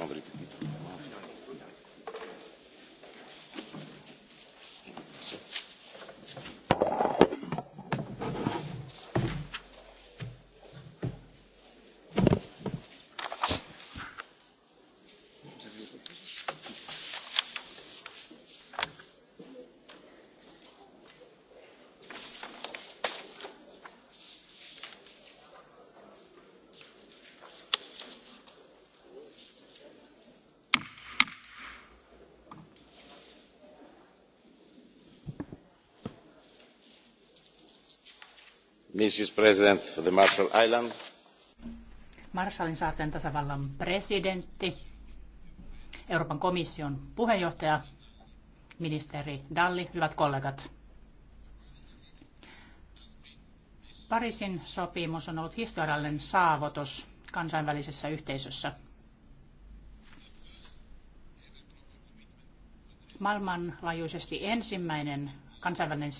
André Petit. Mrs. President Marshallin saarten tasavallan presidentti, Euroopan komission puheenjohtaja, ministeri Dalli, hyvät kollegat. Pariisin sopimus on ollut historiallinen saavutus kansainvälisessä yhteisössä. Maailmanlaajuisesti ensimmäinen kansainvälinen